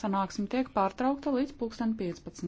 Sanāksim tiek pārtraukta līdz pulksten 15.